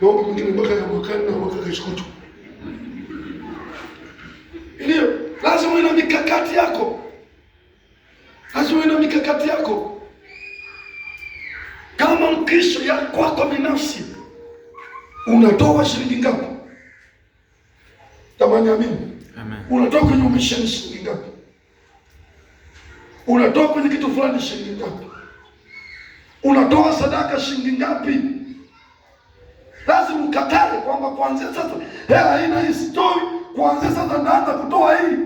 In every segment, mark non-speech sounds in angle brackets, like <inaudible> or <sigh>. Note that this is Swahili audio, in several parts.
mambo mengine mpaka ya mwakani na mwaka kesho kutwa. Ndio, lazima ina mikakati yako, lazima ina mikakati yako kama Mkristo ya kwako binafsi. Unatoa shilingi ngapi? Tamani amini. Amen. Unatoa kwenye umisheni shilingi ngapi? Unatoa kwenye kitu fulani shilingi ngapi? Unatoa sadaka shilingi ngapi? lazima mkatale kwamba kuanzia sasa hela haina hii stori, kuanzia sasa naanza kutoa hii.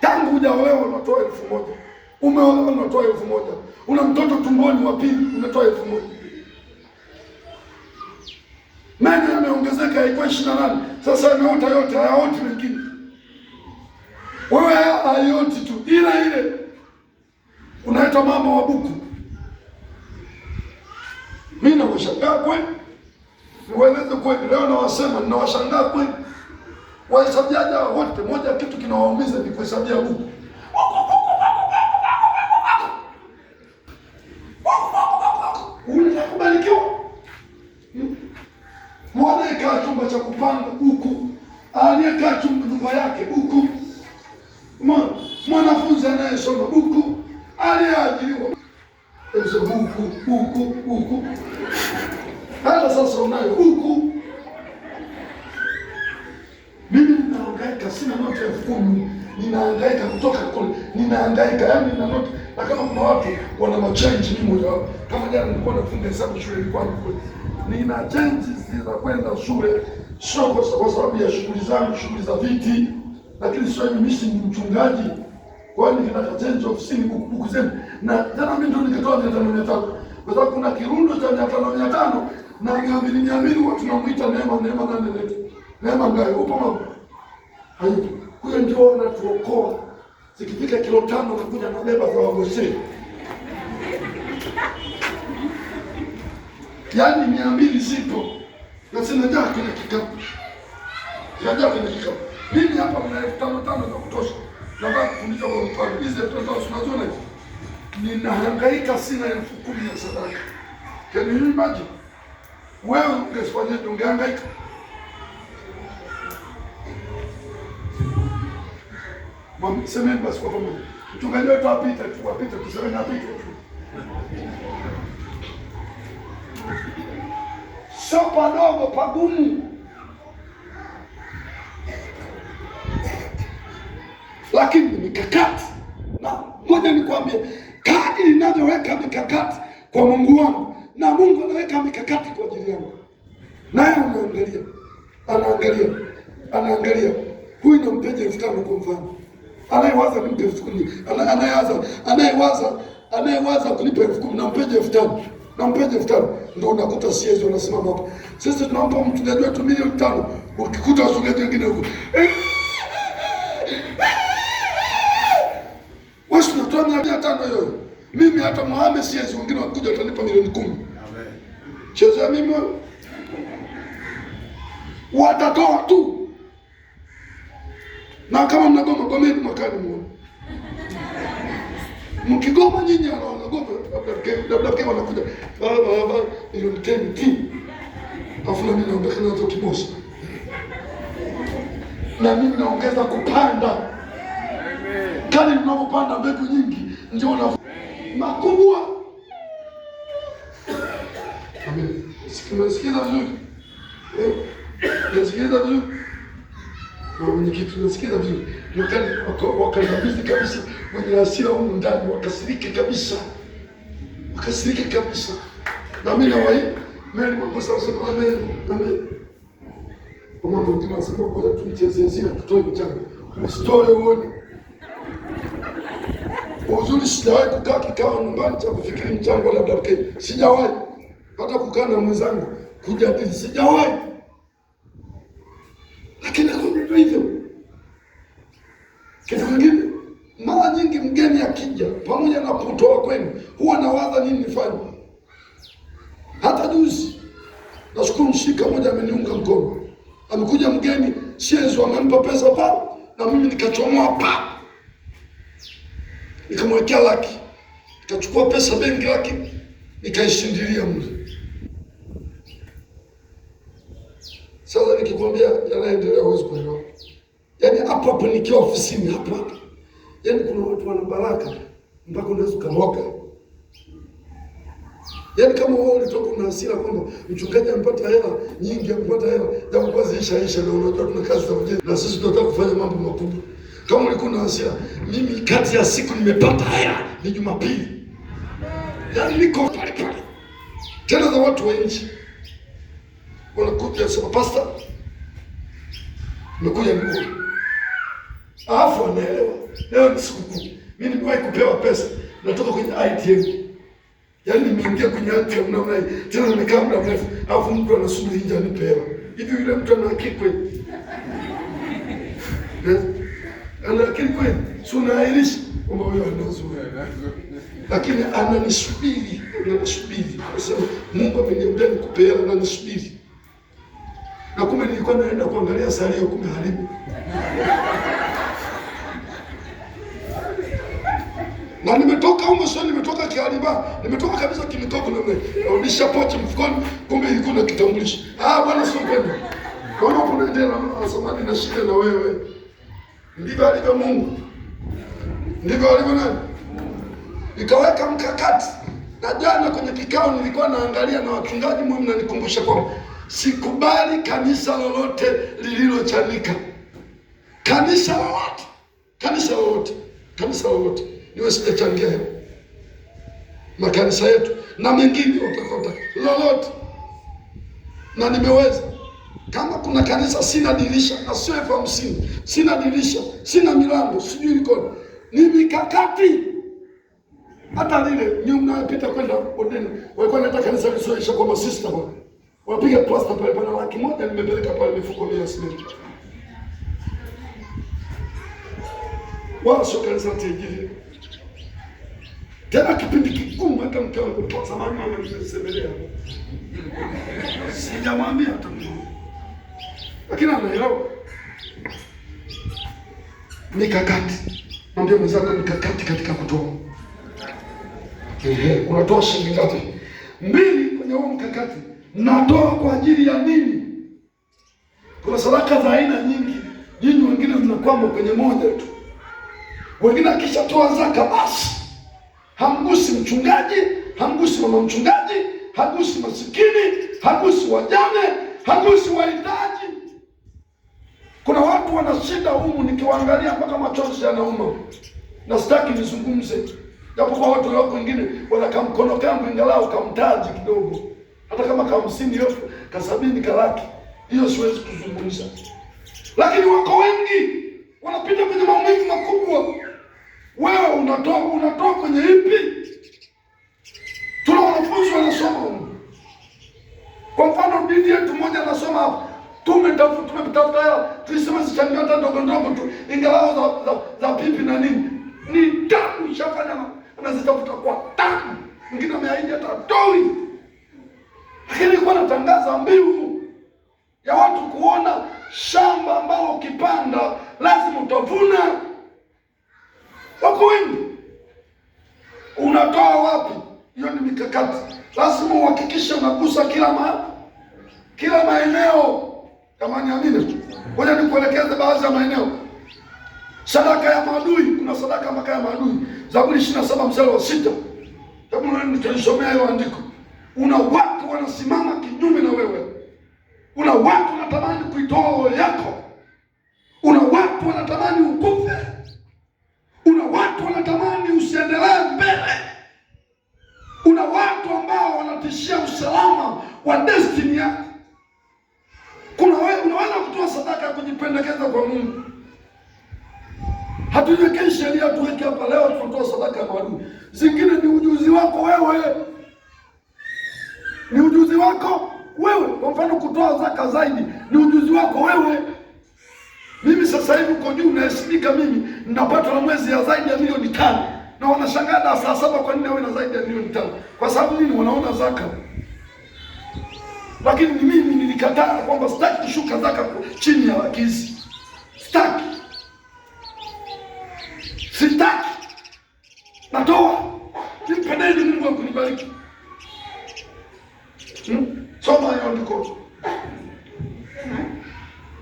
Tangu hujaolewa unatoa elfu moja umeolewa unatoa elfu moja una mtoto tumboni wa pili unatoa elfu moja Meno yameongezeka, haikuwa ishirini na nane sasa yameota yote, hayaoti mengine, wewe hayoti tu, ila ile unaitwa mama wa buku mimi nakushangaa kweli, niwaeleze kweli, leo nawasema, ninawashangaa kweli wahesabiaji hawa wote. Moja kitu kinawaumiza ni kuhesabia chumba cha kupanga huku, aliyekaa chumba yake huku, mwanafunzi anayesoma huku, aliyeajiriwa huku huku huku, hata sasa unayo huku. Mimi ninaangaika, sina noti elfu kumi, ninaangaika kutoka kule, ninaangaika yaani nina noti na kama kuna watu wana machenji, ni moja wao. Kama jana nilikuwa nafunga hesabu shule, ilikuwa kule nina chenji zinakwenda shule, sio kwa sababu ya shughuli zangu, shughuli za viti, lakini sio mimi, ni mchungaji, kwani nina chenji ofisini, buku na jana mimi ndio nikitoa mia tano mia tano kwa sababu kuna kirundo cha mia tano mia tano na mia mbili mia mbili huwa tunamwita neema neema nane letu neema ngai upo mama haipo huyo ndio anatuokoa zikifika kilo tano kakuja nabeba za wagosei yaani mia mbili ziko na zinajaa kwenye kikapu zinajaa kwenye kikapu mimi hapa mna elfu tano tano za kutosha nataka kufundisha kwa mfano hizi bize tunatoa sunazona hizi ninahangaika, sina elfu kumi ya sadaka. Can you imagine? Wewe ungefanya Ungehangaika? Semeni basi kwa pamoja, mchungaji wetu apite tu, apite tu, semeni apite tu. Sio padogo pagumu, lakini ni mikakati na moja, nikwambie Kadi ninavyoweka mikakati kwa Mungu wangu, na Mungu anaweka mikakati kwa ajili yangu, naye anaangalia, anaangalia, anaangalia. Huyu ndo nampeje elfu tano kwa mfano, anayewaza nimpe elfu kumi, anayewaza anayewaza anayewaza kulipa elfu kumi, na mpeja elfu tano nampeje elfu tano ndo unakuta siezi wanasimama hapa. Sisi tunampa mchungaji wetu milioni tano, ukikuta wachungaji wengine huko eh, hata Mohamed siwezi, wengine wakuja watanipa milioni kumi. Cheza mimi watatoa tu, na kama mnagoma gomeni mwakani muone. Mkigoma nyinyi wanagoma, labda pia wanakuja ah, milioni kumi ti afu nami naondekana nazo kibosi, na mimi naongeza kupanda kani mnavyopanda mbegu nyingi ndio makubwa. Unasikiza vizuri? nasikiliza eh, vizuri? Mwenyekiti, nasikiliza vizuri? Wakandamizi kabisa, wenye hasira humu ndani wakasirike kabisa, wakasirike kabisa. Nami nawai meli makosa usema amen, amen. Kwa mambo mtima sema kwa tumchezezia tutoe mchanga usitoe uone Uzuri sijawahi kukaa kikao nyumbani cha kufikiri mchango labda mke. Sijawahi hata kukaa na mwenzangu kujadili sijawahi. Lakini ndio hivyo. Kitu kingine mara nyingi mgeni akija pamoja na kutoa kwenu huwa nawaza nini nifanye. Hata juzi nashukuru mshika moja ameniunga mkono. Amekuja mgeni, shezo amempa pesa pa na mimi nikachomoa pa nikamwekea laki, nikachukua pesa benki laki, nikaishindilia mle. Sasa nikikwambia yanaendelea huwezi kuelewa, yaani hapo hapo nikiwa ofisini hapo hapo, yaani kuna watu wana baraka mpaka unaweza ukaroga. Yaani kama wewe ulitoka una hasira kwamba mchungaji amepata hela nyingi, amepata hela, japo kazi ishaisha, na unajua tuna kazi za ujenzi na sisi tunataka kufanya mambo makubwa kama ulikuwa na hasira, mimi kati ya siku nimepata haya ni Jumapili, yaani niko pale pale tena. Za watu wa nchi wanakuja sema, pasta, nimekuja Migori, alafu anaelewa leo ni sikukuu. Mimi nimewahi kupewa pesa, natoka kwenye ATM Yaani nimeingia kwenye ati ya mnamna tena nimekaa muda mrefu, alafu mtu anasubiri nje anipe hela. Hivi yule mtu ana akili kweli? <laughs> lakini kweli si unaahirisha kwamba huyo anauzuri, lakini ananisubiri, ananisubiri asema Mungu ameniambia nikupea, ananisubiri na kumbe nilikuwa naenda kuangalia salio, kumbe haribu na nimetoka huko sio, nimetoka kihariba, nimetoka kabisa kimitoka namna, naonisha pochi mfukoni, kumbe ilikuwa na kitambulisho. Ah bwana, sio kwenda kwa hiyo kuna jela na ah, samani na shida na wewe Ndivyo alivyo Mungu, ndivyo alivyo nani. Nikaweka mkakati, na jana kwenye kikao nilikuwa naangalia na wachungaji, mwe mnanikumbusha kwamba sikubali kanisa lolote lililochanika. Kanisa lolote, kanisa lolote, kanisa lolote niwe sijachangia hapo, makanisa yetu na mengine, lolote na nimeweza kama kuna kanisa sina dirisha na sio elfu hamsini, sina dirisha, sina milango, sijui ikoje, ni mikakati. Hata lile nyuma mnayopita kwenda Odeni, walikuwa wanataka kanisa lisoesha kwa masista bwana, wapiga plasta pale pana laki moja nimepeleka pale mifuko ya simenti, wala sio kanisa tejili tena kipindi kigumu, hata mke wangu zamani mama nimesemelea, sijamwambia hata mmoja lakini anaelewa mikakati. Mwambie mwenzako mikakati katika kutoa. Ehe, unatoa shilingi ngapi? Mbili. Kwenye huo mkakati Natoa kwa ajili ya nini? Kuna sadaka za aina nyingi, nyinyi wengine mnakwama kwenye moja tu, wengine akishatoa zaka basi hamgusi mchungaji, hamgusi mama mchungaji, hagusi masikini, hagusi wajane, hagusi wahitaji kuna watu wana shida humu, nikiwaangalia mpaka machozi yanauma, na sitaki nizungumze, japo kwa watu wako wengine wanaka mkono kangu, ingalau kamtaji kidogo, hata kama ka hamsini elfu ka sabini hiyo siwezi kuzungumza, lakini wako wengi wanapita kwenye maumivu makubwa. Wewe unatoa unatoa kwenye ipi? Tuna wanafunzi wanasoma, kwa mfano binti yetu moja anasoma hapa tumetafuta hela tusiwezichangia hata ndogo ndogo tu, ingalau za, za, za pipi na nini, ni tamu ishafanya anazitafuta kwa tamu, mwingine ameahidi hata toi, lakini kwa natangaza mbiu ya watu kuona shamba ambalo ukipanda lazima utavuna. Wako wengi, unatoa wapi? Hiyo ni mikakati, lazima uhakikishe unagusa kila ma- kila maeneo kama niamini tu. Ngoja nikuelekeze baadhi ya maeneo. Sadaka ya maadui, kuna sadaka mpaka ya maadui. Zaburi 27 mstari wa sita. Hebu nani hiyo andiko. Una watu wanasimama kinyume na wewe. Una watu wanatamani kuitoa roho yako. Una watu wanatamani ukufe. Una watu wanatamani usiendelee mbele. Una watu ambao wanatishia usalama wa destiny yako. Kuna wewe unaona kutoa sadaka kujipendekeza kwa Mungu. Hatujiwekei sheria tuweke hapa leo tunatoa sadaka kwa Mungu. Zingine ni ujuzi wako wewe. Ni ujuzi wako wewe. Kwa mfano kutoa zaka zaidi ni ujuzi wako wewe. Mimi sasa hivi uko juu naheshimika mimi ninapata na mwezi ya zaidi ya milioni tano. Na wanashangaa saa saba kwa nini wewe na zaidi ya milioni tano? Kwa sababu nini wanaona zaka? lakini mimi nilikataa kwamba sitaki kushuka zaka chini ya wakizi, sitaki, sitaki, natoa nimpendeni Mungu akunibariki. Hmm? Soma hiyo andiko.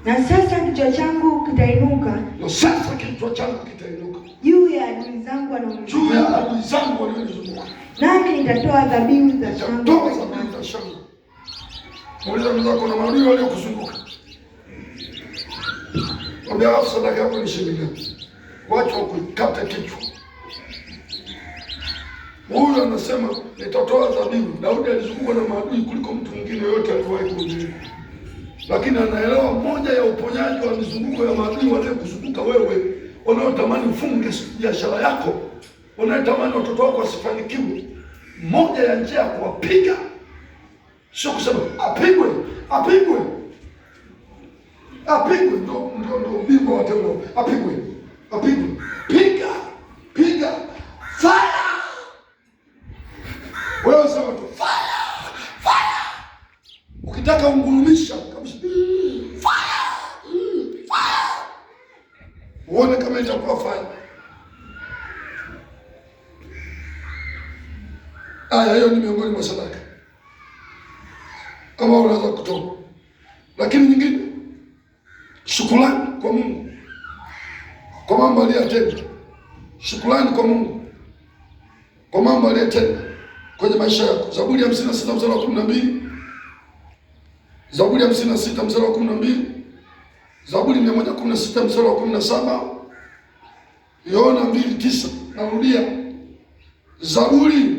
Na sasa kichwa changu kitainuka. Na sasa kichwa changu kitainuka. Juu ya adui zangu wanaonizunguka. Juu ya adui zangu wanaonizunguka. Nami nitatoa dhabihu za shangwe. Muuliza mwenzako na maadui waliokuzunguka. Mwambie alafu sadaka yako ni shilingi ngapi? Wacha kichwa. Huyu anasema nitatoa dhabihu. Daudi alizungukwa na maadui kuliko mtu mwingine yote aliwahi kuzunguka, lakini anaelewa moja ya uponyaji wa mizunguko ya maadui wanayokuzunguka wewe, wanaotamani ufunge biashara yako, wanaotamani watoto wako wasifanikiwe. Moja ya njia ya kuwapiga sio kusema apigwe, apigwe, apigwe. Ndo ndo ndo bingwa wa tendo, apigwe, apigwe, piga, piga, fire. Wewe sema tu fire, fire. Ukitaka ungurumisha kabisa, mm, fire, mm, fire, uone kama itakuwa fire. Aya, hiyo ni miongoni mwa sadaka kama unaweza kutoka. Lakini nyingine, shukrani kwa Mungu kwa mambo aliyotenda, shukrani kwa Mungu kwa mambo aliyotenda kwenye maisha yako. Zaburi ya 56 mstari wa 12. na Zaburi ya 56 sita mstari wa kumi na mbili Zaburi ya 116 kumi na sita mstari wa kumi na saba Yohana mbili tisa Narudia, Zaburi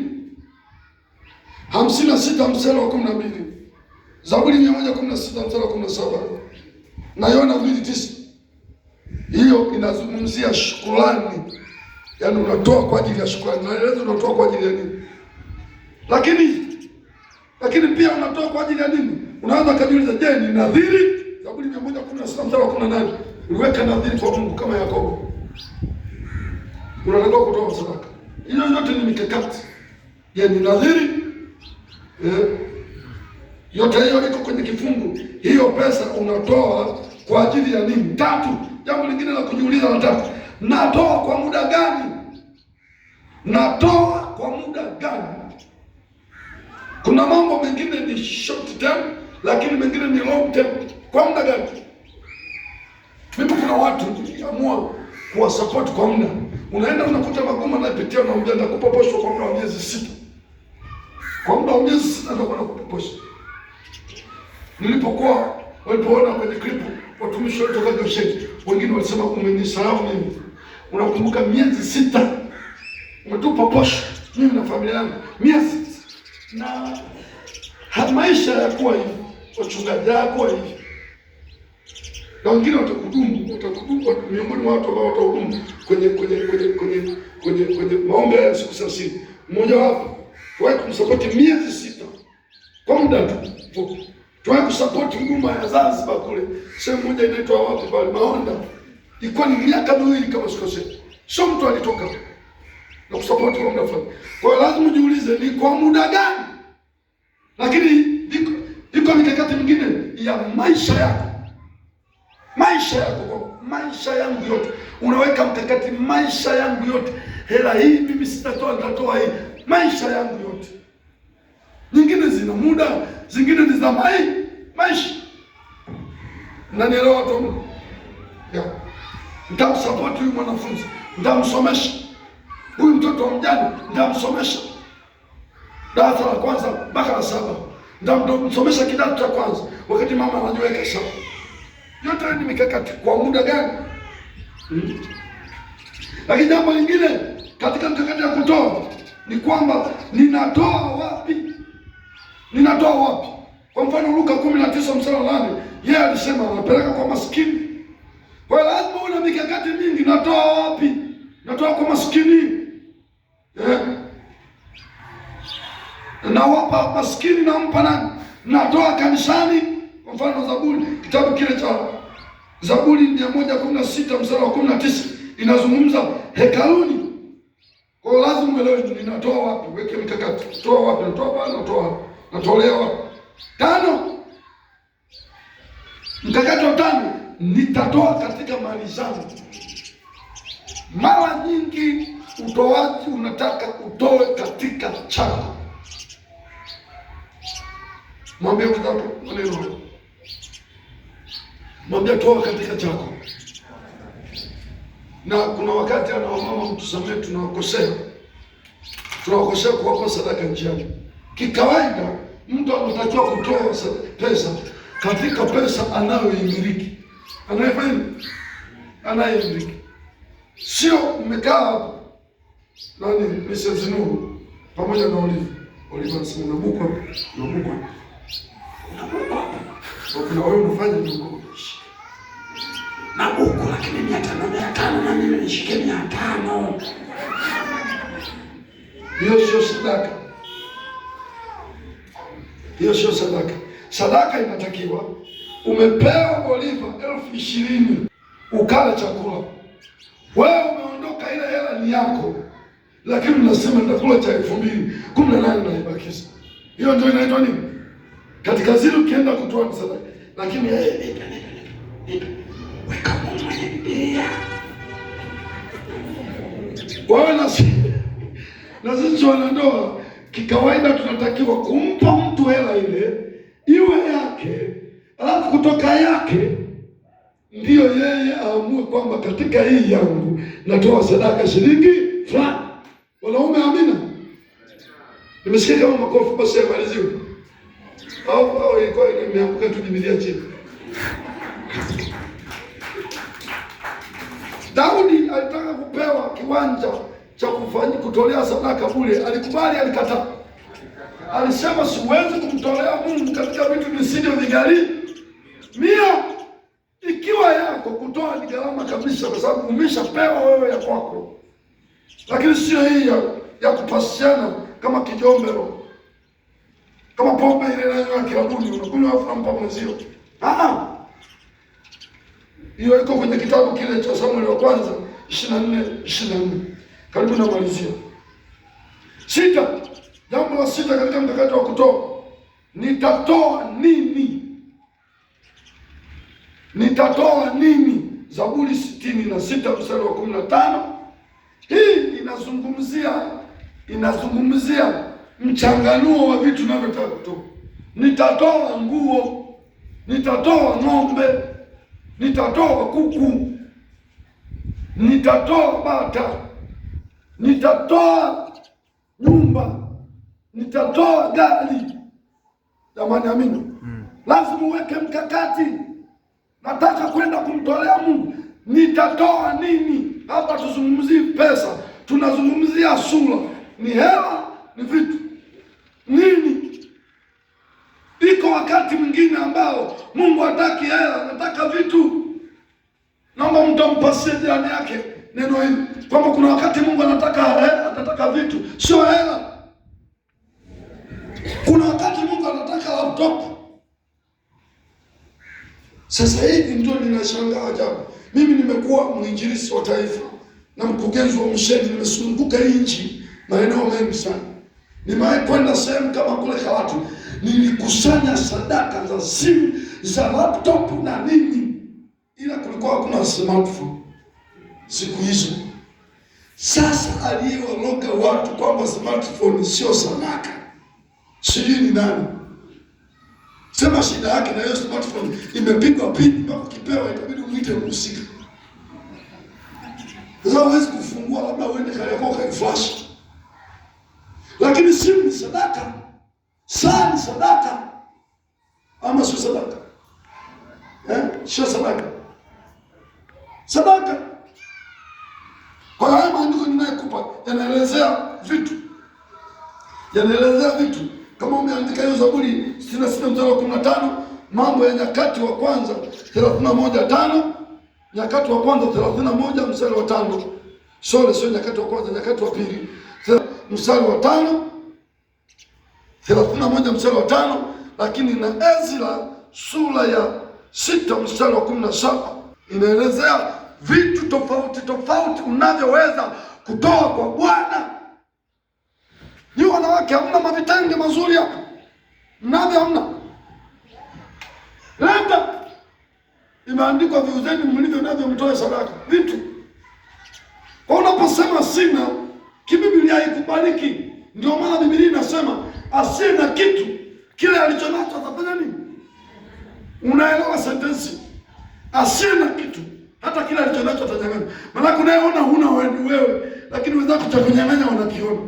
hamsini na sita mstari wa kumi na mbili Zaburi mia moja kumi na sita mstari wa kumi na saba na Yona mbili tisa hiyo inazungumzia shukrani, yaani unatoa kwa ajili ya shukrani. Naeleza unatoa kwa ajili ya nini, lakini lakini pia unatoa kwa ajili ya nini? Unaweza ukajiuliza, je, ni nadhiri? Zaburi mia moja kumi na sita mstari wa kumi na nane uliweka nadhiri kwa Mungu kama Yakobo, unatakiwa kutoa sadaka. Hiyo yote ni mikakati, je, ni nadhiri eh? Yote hiyo iko kwenye kifungu. Hiyo pesa unatoa kwa ajili ya nini? Tatu, jambo lingine la kujiuliza la tatu, natoa kwa muda gani? Natoa kwa muda gani? Kuna mambo mengine ni short term, lakini mengine ni long term. Kwa muda gani? Mimi kuna watu kuamua kuwa support kwa muda, unaenda unakuta magumu anapitia, unaambia nakupa posho kwa muda wa miezi sita, kwa muda wa miezi sita nakupa posho Nilipokuwa walipoona kwenye klipu watumishi wote wa Goshen, wengine walisema umenisahau mimi. Unakumbuka miezi sita umetupa posho mimi na familia yangu miezi na maisha yakuwa hivi, wachungaji yakuwa hivi, na wengine watakudumu, watakudumu miongoni mwa watu ambao watahudumu kwenye kwenye kwenye kwenye kwenye kwenye maombi ya siku thelathini, mmoja wapo wae kumsapoti miezi sita kwa muda tu Tuwahi kusapoti nyumba ya Zanzibar kule, sehemu moja inaitwa wapi pale Maonda, ilikuwa ni miaka miwili kama sikosei, sio mtu alitoka na kusapoti kwa muda fulani. Kwa hiyo lazima ujiulize ni kwa muda gani, lakini iko mikakati mingine ya maisha yako, maisha yako kwa maisha yangu yote, unaweka mkakati maisha yangu yote, hela hii mimi sitatoa, nitatoa hii, maisha yangu yote. Nyingine zina muda zingine ni za mai maisha. Mnanielewa tu Yeah. Nitamsapoti huyu mwanafunzi, nitamsomesha huyu mtoto mjani, mjane, nitamsomesha darasa la kwanza mpaka la saba, nitamsomesha kidato cha kwanza wakati mama anajiweka sawa. Yote ni mikakati kwa muda gani? Hmm. Lakini jambo lingine katika mkakati ya kutoa ni kwamba ninatoa wapi? ninatoa wapi? Kwa mfano Luka kumi na tisa mstari nane yeye alisema anapeleka kwa maskini. Kwa hiyo lazima una mikakati mingi, natoa wapi? Natoa kwa maskini eh? Nawapa maskini, nampa nani? Natoa kanisani. Kwa mfano Zaburi, kitabu kile cha Zaburi mia moja kumi na sita mstari wa kumi na tisa inazungumza hekaluni. Kwa hiyo lazima uelewe, ninatoa wapi, weke mikakati, toa wapi, natoa wapi, natoa wapi natolewa tano. Mkakati wa tano, nitatoa katika mali zangu. Mara nyingi utoaji unataka utoe katika chako. Mwambie mwenzako maneno, mwambie toa katika chako. Na kuna wakati anaomama, mtusamee, tunawakosea tunawakosea kuwapa sadaka njiani kikawaida mtu anatakiwa kutoa pesa katika pesa anayoimiliki, anayefanya anayeimiliki, sio mmekaa hapo nani Mrs. pamoja na olivu olivu, anasema nabuka nabuka kuna wewe unafanya ndugu na lakini mia tano mia tano na mimi nishike mia tano hiyo sio sadaka. Hiyo sio sadaka. Sadaka inatakiwa umepewa oliva elfu ishirini ukala chakula wewe, umeondoka, ile hela ni yako, lakini unasema nitakula cha elfu mbili kumi na nane naibakiza. Hiyo ndio inaitwa nini? Katika zile ukienda kutoa msadaka, lakini yeye wewe na sisi wanandoa Kikawaida tunatakiwa kumpa mtu hela ile iwe yake, alafu kutoka yake ndiyo yeye aamue kwamba katika hii yangu natoa sadaka shilingi fulani. Wanaume, amina. Nimesikia kama makofi basi yamaliziwe, au au ilikuwa imeanguka tu jimilia chini. Daudi alitaka kupewa kiwanja cha kufanyia kutolea sadaka bure, alikubali? Alikataa? Alisema siwezi kumtolea Mungu katika vitu mia. Ikiwa yako kutoa ni gharama kabisa, kwa sababu umeshapewa wewe ya kwako, lakini sio hii ya, ya kupasiana kama kijombero, kama pombe ile inayonywa kiabuni, unakunywa afu nampa mwenzio. Hiyo iko kwenye kitabu kile cha Samueli wa kwanza ishirini na nne ishirini na nne. Karibu namalizia. Sita, jambo la sita katika mkakati wa kutoa, nitatoa nini? Nitatoa nini? Zaburi sitini na sita mstari wa kumi na tano. Hii inazungumzia inazungumzia mchanganuo wa vitu navyotaka kutoa. Nitatoa nguo, nitatoa ng'ombe, nitatoa kuku, nitatoa bata nitatoa nyumba, nitatoa gari. Jamani, amini mm. Lazima uweke mkakati. Nataka kwenda kumtolea Mungu, nitatoa nini? Hapa tuzungumzie pesa, tunazungumzia sura, ni hela, ni vitu nini. Iko wakati mwingine ambao Mungu hataki hela, nataka vitu. Naomba mtu ampasie jirani yake neno hili kwamba kuna wakati Mungu anataka hela, anataka vitu sio hela. Kuna wakati Mungu anataka laptop. Sasa hivi ndio ninashangaa ajabu. Mimi nimekuwa mwinjilisi wa taifa na mkurugenzi wa misheni, nimesunguka nchi maeneo mengi sana, nimewahi kwenda sehemu kama kule Karatu, nilikusanya sadaka za simu za laptop na nini, ila kulikuwa hakuna smartphone siku hizo. Sasa aliyewaroga watu kwamba smartphone sio sadaka, sijui ni nani. Sema shida yake na hiyo smartphone, imepigwa pini mpaka kipewa, itabidi umwite mhusika. Sasa huwezi kufungua, labda uende Kariakoo ukaiflash, lakini simu ni sadaka, saa ni sadaka, ama sio sadaka eh? Sio sadaka, sadaka kwa hiyo haya maandiko ninayokupa yanaelezea vitu, yanaelezea vitu. Kama umeandika hiyo Zaburi sitini na sita mstari wa kumi na tano Mambo ya Nyakati wa Kwanza thelathini na moja tano Nyakati wa Kwanza thelathini na moja mstari wa tano sole sio Nyakati wa Kwanza, Nyakati wa Pili mstari wa tano thelathini na moja mstari wa tano lakini na Ezra sura ya sita mstari wa kumi na saba inaelezea vitu tofauti tofauti unavyoweza kutoa kwa Bwana. Ni wanawake, hamna mavitenge mazuri hapa, mnavyo hamna? labda imeandikwa viuzeni mlivyo navyo mtoe sadaka. Vitu kwa unaposema sina kibiblia, haikubaliki. Ndio maana Biblia inasema asiye na kitu kile alichonacho atafanya nini? Unaelewa sentensi? Asiye na kitu hata kila alichonacho atanyang'anya. Maana unayeona huna wewe wewe, lakini wenzako cha kunyang'anya wanakiona.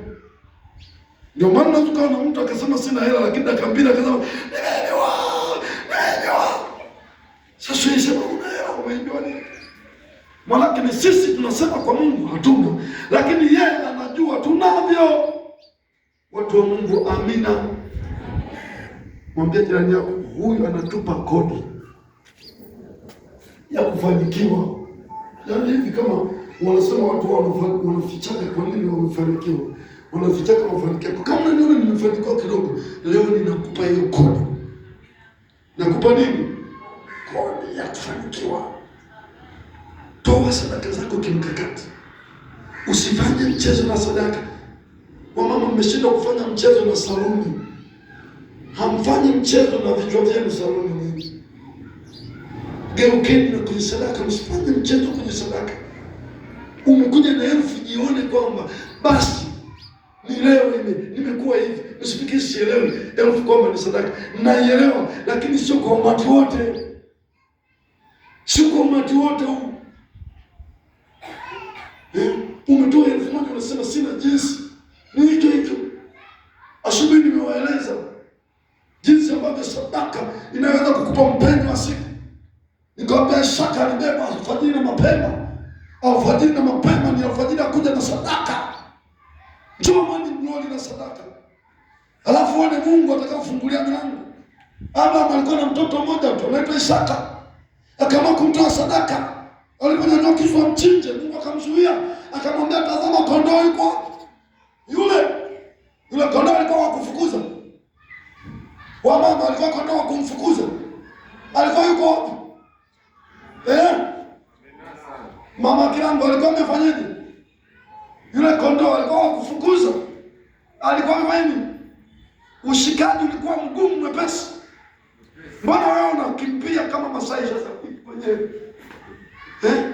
Ndio maana unaweza na mtu akasema sina hela, lakini dakika mbili akasema nimeelewa, nimeelewa. Sasa yeye sema una hela, umeelewa nini? Maana ni sisi tunasema kwa Mungu hatuna, lakini yeye anajua tunavyo. Watu wa Mungu, amina. Mwambie jirani yako, huyu anatupa kodi ya kufanikiwa. Yaani hivi kama wanasema watu wanafichaka kwa nini wamefanikiwa, wanafichaka mafanikio. Kama niona nimefanikiwa kidogo, leo ninakupa hiyo kodi, nakupa nini? Kodi ya kufanikiwa. Toa sadaka zako kimkakati, usifanye mchezo na sadaka. Wamama mmeshindwa kufanya mchezo na saluni, hamfanyi mchezo na vichwa vyenu saluni Geukeni na kwenye sadaka, msifanye mchezo kwenye sadaka. Umekuja na elfu, jione kwamba basi ni leo nimekuwa hivi. Msifikiri sielewi elfu kwamba ni sadaka, naielewa, lakini sio kwa umati wote, sio kwa umati wote huu eh? Umetoa elfu moja unasema sina jinsi, ni hicho hicho asubuhi alfajiri na mapema, alfajiri na mapema ni alfajiri akuja na sadaka, Njoo jomani mloli na sadaka, alafu one Mungu atakafungulia milango. Abraham alikuwa na mtoto mmoja tu anaitwa Isaka, akaamua kumtoa sadaka. Aliponyanyua kichwa mchinje, Mungu akamzuia, akamwambia tazama, kondoo yuko yule yule. Kondoo alikuwa wa kufukuza wa mama, alikuwa kondoo wa kumfukuza, alikuwa yuko kitambo alikuwa wamefanyaje? Yule kondoo alikuwa wakufukuza, alikuwa amefanya Ushikaji ulikuwa mgumu mwepesi. Mbona wewe unakimbia kama Masai sasa mwenyewe eh?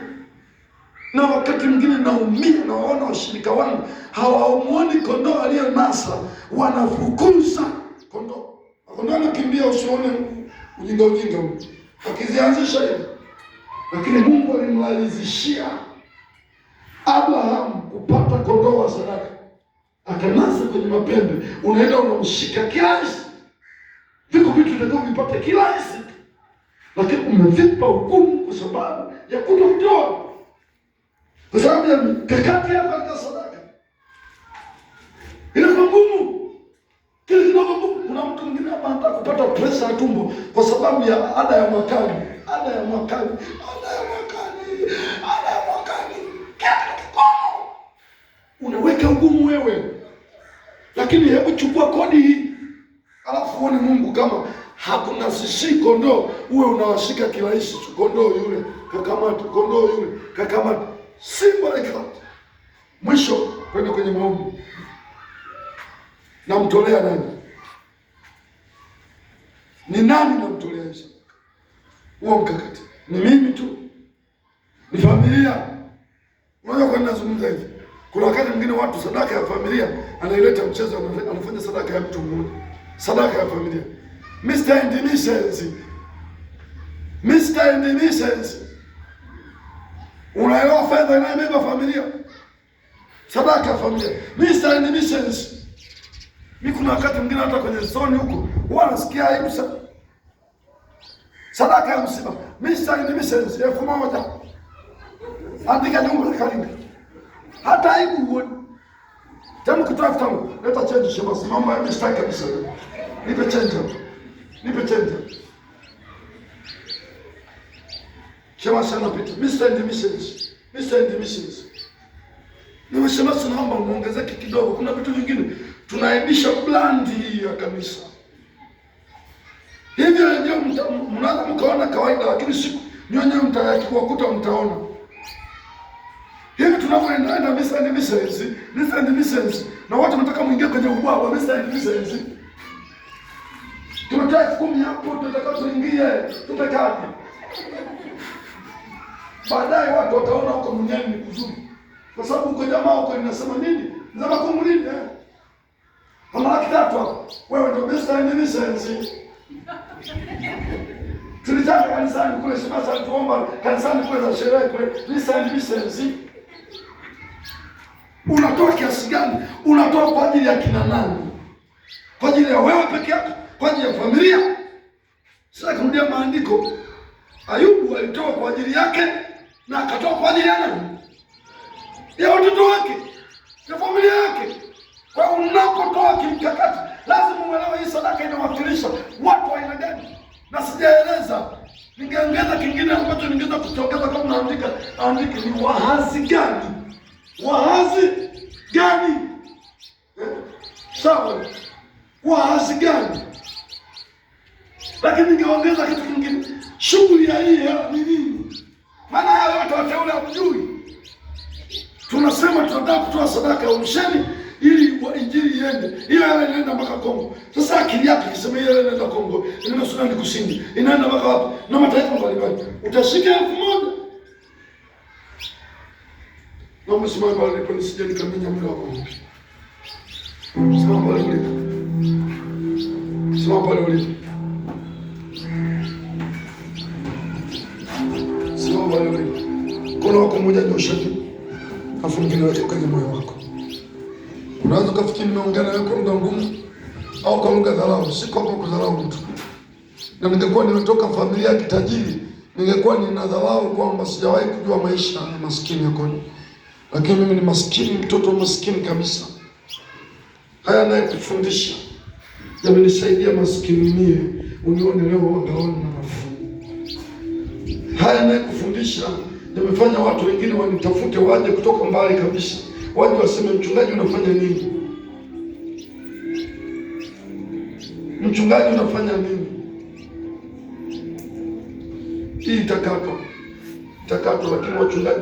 Na wakati mwingine naumia, nawaona washirika wangu hawamwoni kondoo nasa, wanafukuza kondoo. Kondoo anakimbia, usione ujinga ujinga, akizianzisha hivi, lakini Mungu alimalizishia Abrahamu kupata kondoo wa sadaka, akanasa kwenye mapembe, unaenda unamshika kirahisi. Viko vitu takiwa vipate kirahisi, lakini umevipa hukumu kwa sababu ya kutomtoa, kwa sababu ya mikakati ya katika sadaka. Inakuwa ngumu, kile kidogo ngumu. Kuna mtu mwingine anataka kupata presa ya tumbo kwa sababu ya ada ya mwakani, ada ya mwakani uweke ugumu wewe, lakini hebu chukua kodi hii alafu uone Mungu kama hakuna sisi kondoo, uwe unawashika kirahisi, kondoo yule kakamata, kondoo yule kakamata, simba like Mwisho kwenda kwenye maombi, namtolea nani? Ni nani namtolea hizo? Huo mkakati ni mimi tu, ni familia. Unajua kwa nini nazungumza hivi? Kuna wakati mwingine watu sadaka ya familia anaileta mchezo, anafanya sadaka ya mtu mmoja, sadaka ya familia. Mr. sitaendimisha Mr. mimi sitaendimisha hizi. Unaelewa fedha inayobeba familia, sadaka ya familia, Mr. sitaendimisha hizi. kuna wakati mwingine hata kwenye zoni huko huwa nasikia aibu sana. Sadaka ya msiba, Mr. sitaendimisha hizi elfu moja andika jumbe karibu hata aibu huoni. Hebu kitoa kitabu, leta change shemasi, mambo yameshtaki kabisa. Nipe change hapo, nipe change shemasi. Anapita Mr. and Mrs. Mr. and Mrs. Niwe shemasi, naomba muongezeke kidogo, kuna vitu vingine tunaibisha blandi hii ya kanisa hivyo, ndio mnaweza mkaona kawaida, lakini siku nyonye mtawakuta mtaona tunavyoenda Misa and Missions, Misa and Missions, na watu wanataka mwingie kwenye ubwa wa Misa and Missions. Tunataka elfu kumi hapo, tunataka tuingie tumekaa Baadaye watu wataona huko duniani ni kuzuri, kwa sababu huko jamaa huko inasema nini? Nasema kumlinde eh? kama laki tatu hapo, wewe ndio Misa and Missions. Tulitaka kanisani kule, sasa tuomba kanisani kule za sherehe kule, Misa and Missions. Unatoa kiasi gani? Unatoa kwa ajili ya kina nani? Kwa ajili ya wewe peke yako? Kwa ajili ya familia? Sasa kurudia maandiko, Ayubu alitoa kwa ajili yake na akatoa kwa ajili ya nani? Ya watoto wake, ya familia yake. Kwa unapotoa kimkakati, lazima uelewe hii sadaka inawakilisha watu wa aina gani, na sijaeleza ningeongeza kingine ambacho ningeweza kutokeza kama naandika andike, ni wahazi gani quase ndipo nisije nikamenya moyo wa Simama pale ulipo, simama pale ulipo, simama pale ulipo. Mkono wako mmoja nyosha tu, afu mwingine weka kwenye moyo wako. Unaweza ukafikiri nimeongea na wewe kwa lugha ngumu au kwa lugha dharau. Siko hapa kudharau mtu, na ningekuwa nimetoka familia ya kitajiri ningekuwa ninadharau kwamba sijawahi kujua maisha ya maskini ya lakini mimi ni maskini, mtoto maskini kabisa. Haya nayekufundisha yamenisaidia maskini mie, unione leo wangaoni na nafuu. Haya anayekufundisha yamefanya watu wengine wanitafute, waje kutoka mbali kabisa, waje waseme, mchungaji unafanya nini? Mchungaji unafanya nini? Hii itakatwa itakatwa, lakini wachungaji